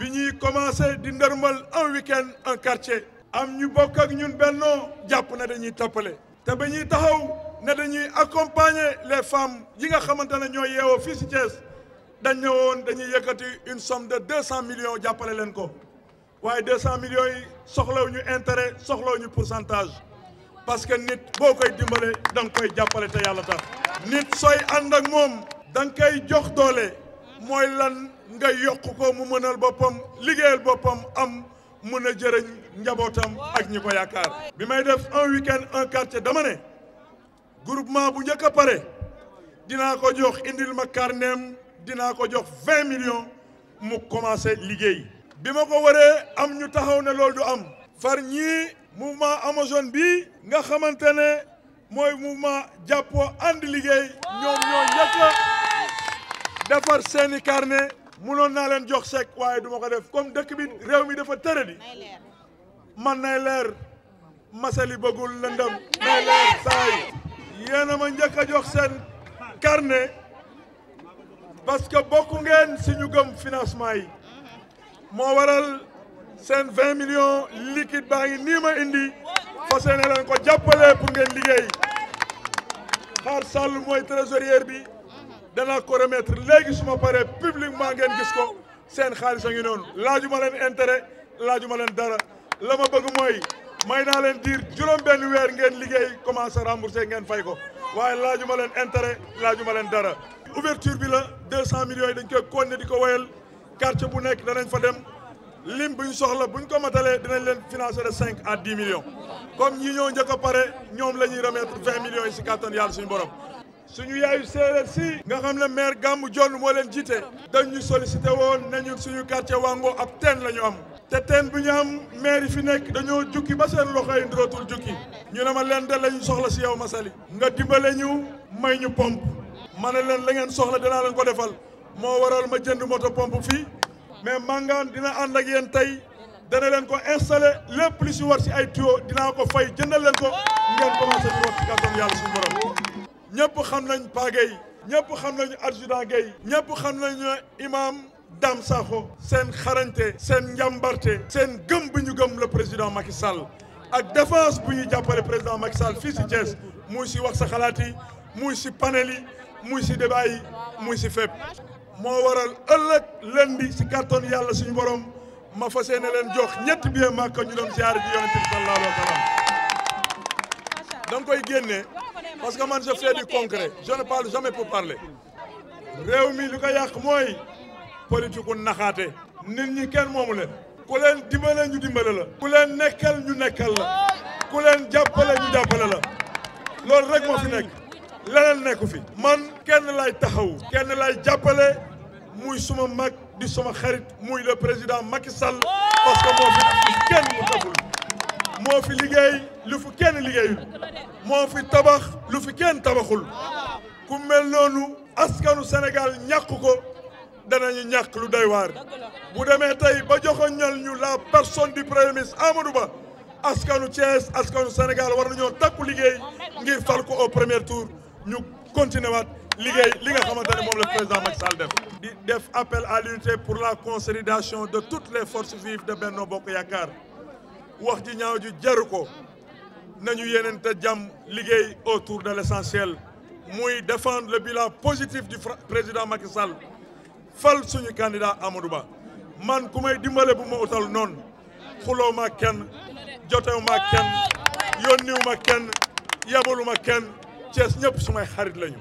bi ñuy commencé di ndërmal un week-end un quartier am ñu bokk ak ñun bennoo jàpp na dañuy tappale te ba ñuy taxaw ne dañuy accompagner les femmes yi nga xamante ne ñoo yeewoo fii si Thiès dañ ne woon dañuy yëkkati une somme de deux cent millions jàppale leen ko waaye deux cent millions yi soxlawuñu intérêt soxlawuñu pourcentage parce que nit boo koy dimbale da koy jàppale te yàlla tax nit sooy ànd ak moom da koy jox doole mooy lan nga yokk ko mu mënal boppam liggéeyal boppam am mën a jëriñ njabootam ak ñi ko yaakaar bi may def un week un quartier dama ne groupement bu njëkk a pare dinaa ko jox indil ma carneem dinaa ko jox vingt millions mu commencé liggéey bi ma ko waree am ñu taxaw ne loolu du am far ñii ma Amazone bi nga xamante ne mooy mouvement jàppoo ànd liggéey ñoom ñoo njëkk defar seeni carnet mënoon naa leen jox chèque waaye du ma ko def comme dëkk bi réew mi dafa tëradi man nay leer masali bëggul lëndëm nay leer saay yéen ma njëkk a jox seen carnet parce que bokku ngeen si ñu gëm financement yi moo waral seen vingt millions liquide baa ngi nii ma indi fas yéene leen ko jàppale pour ngeen liggéey xaar sàll mooy trésorier bi danaa ko remettre léegi suma pare paree publiquement ngeen gis ko seen xaalis a ngi noonu laaju ma leen intérêt laaju ma leen dara la ma bëgg mooy may naa leen diir juróom benn weer ngeen liggéey commencé remboursé ngeen fay ko waaye laaju ma leen intérêt ma leen dara ouverture bi la deux cent millions yi dañ koy continuer di ko woyal quartier bu nekk danañ fa dem lim bu ñu soxla bu ñu ko matalee dinañ leen financer de cinq à dix millions comme ñi ñoo njëkk a pare ñoom la ñuy remettre vingt millions yi suñu borom suñu yaayu séeréer si. nga xam ne maire Gamou Dione moo leen jiite. dañ ñu sollicité woon nañu suñu quartier Wango ab teen la ñu am. te teen bi ñu am maire yi fi nekk dañoo jukki ba seen loxo yi ndorootul jukki. ñu ne ma leen de la ñu soxla si yow li nga dimbale ñu may ñu pompe. ma na leen la ngeen soxla dinaa leen ko defal. moo waral ma jënd moto pompe fii. mais Mangane dina ànd ak yéen tey. dana leen ko installé lépp lu si war si ay tuyaux dinaa ko fay jëndal leen ko ngeen ñëpp xam nañ Pa Gueye ñëpp xam nañu adjudant Gueye ñëpp xam nañu imam Dame Sakho seen xarañte seen njàmbarte seen gëm bu ñu gëm la président Macky Sall ak défense bu ñu jàppale président Macky Sall fii si Thiès muy si wax sa xalaat yi muy si panel yi muy si débat yi muy si fépp moo waral ëllëg lundi si kàttan yàlla suñu borom ma fa yéene leen jox ñetti billets Makka ñu doon ziar ji yonent bi sallallahu wa sallam da koy génne parce que man je fais du concret je ne parle jamais pour parler réew mi li ko yàq mooy politique ku naxaate nit ñi kenn moomu leen ku leen dimbale ñu dimbale la ku leen nekkal ñu nekkel la ku leen jàppale ñu jàppale la loolu rek moo fi nekk leneen nekku fi man kenn lay taxaw kenn lay jàppale muy suma mag di suma xarit muy le président Macky Sall parce que moo kenn mu deful moo fi liggéey lu fi kenn liggéeyul moo fi tabax lu fi kenn tabaxul ku mel noonu askanu Sénégal ñàkk ko danañu ñàkk lu doy waar bu demee tey ba joxoñal ñu la personne du premier ministre Amadou Ba askanu Thiès askanu Sénégal war nañoo takku liggéey ngir fal ko au premier tour ñu continuer waat liggéey li nga xamante ne moom la président Macky def di def appel à l'unité pour la consolidation de toutes les forces vives de Benno Bokk Yaakaar wax ji ñaaw ji jaru ko nañu yeneen te jàmm liggéey autour de l' essentiel muy défendre le bilan positif du président Macky Sall fal suñu candidat Amadou Ba man ku may dimbale bu ma utal noonu xuloo ma kenn jotew ma kenn yónniw ma kenn yabalu ma kenn Cees ñëpp sumay xarit lañu